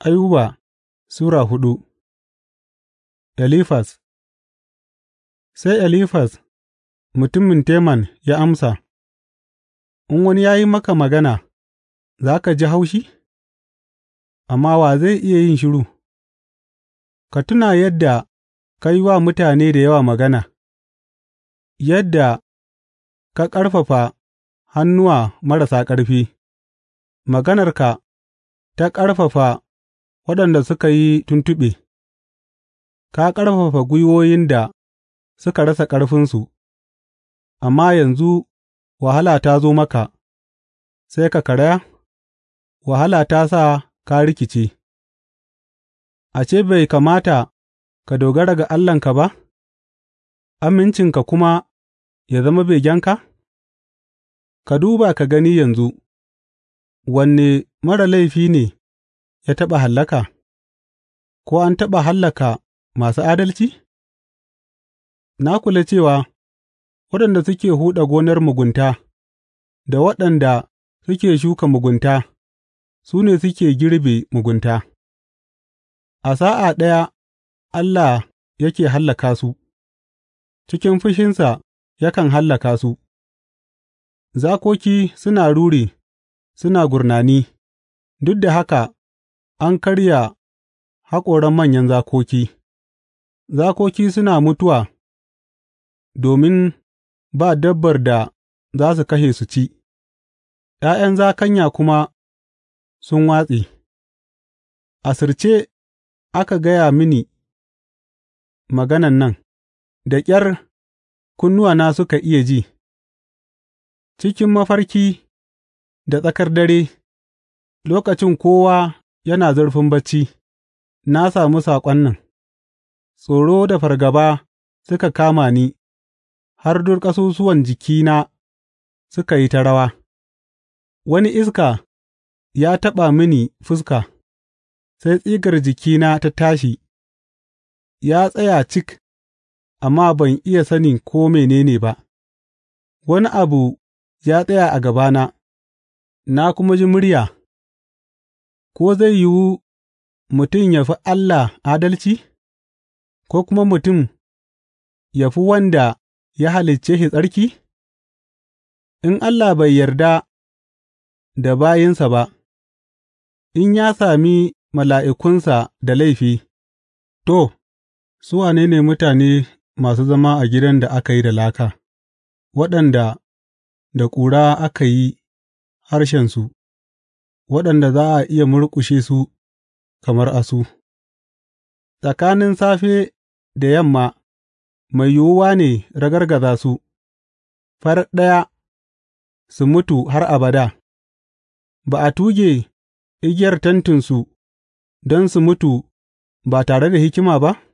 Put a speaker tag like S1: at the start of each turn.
S1: Ayuba Sura hudu Elifas. Sai Elifas mutumin Teman ya amsa, In wani ya yi maka magana, za ka ji haushi? Amma wa zai iya yin shiru, Ka tuna yadda ka yi wa mutane da yawa magana, yadda ka ƙarfafa hannuwa marasa ƙarfi, maganarka ta ƙarfafa waɗanda suka yi tuntuɓe, ka ƙarfafa gwiwoyin da suka rasa ƙarfinsu, amma yanzu wahala ta zo maka, sai ka karaya, wahala ta sa ka rikice, ashe bai kamata ka dogara ga Allahnka ba, amincinka kuma ya zama begenka? Ka duba ka gani yanzu, wanne mara laifi ne ya taɓa hallaka, ko an taɓa hallaka masu adalci? Na kula cewa waɗanda suke huɗa gonar mugunta da waɗanda suke shuka mugunta su ne suke girbe mugunta, a sa'a ɗaya Allah yake hallaka su, cikin fushinsa yakan hallaka su, zakoki suna ruri suna gurnani, duk da haka An karya haƙoran manyan zakoki Zakoki suna mutuwa domin ba dabbar da za su kashe su ci, ’ya'yan zakanya kuma sun watsi. A Asirce aka gaya mini maganan nan, da ƙyar na suka iya ji, cikin mafarki da tsakar dare, lokacin kowa yana zurfin bacci. na sami saƙon nan, tsoro da fargaba suka kama ni, har duk ƙasusuwan jikina suka yi ta rawa, wani iska ya taɓa mini fuska, sai tsigar jikina ta tashi, ya tsaya cik, amma ban iya sani ko menene ba, wani abu ya tsaya a gabana, na kuma ji murya. Ko zai yiwu mutum ya fi Allah adalci, ko kuma mutum ya fi wanda ya halicce shi tsarki? In Allah bai yarda da bayinsa ba, in ya sami mala'ikunsa da laifi, to, su wanene ne mutane masu zama a gidan da aka yi da laka, waɗanda da ƙura aka yi harshensu? waɗanda za a iya murƙushe su kamar asu. Tsakanin safe da yamma mai yiwuwa ne ragargaza su, Far ɗaya su mutu har abada, ba a tuge igiyar tentinsu don su mutu ba tare da hikima ba?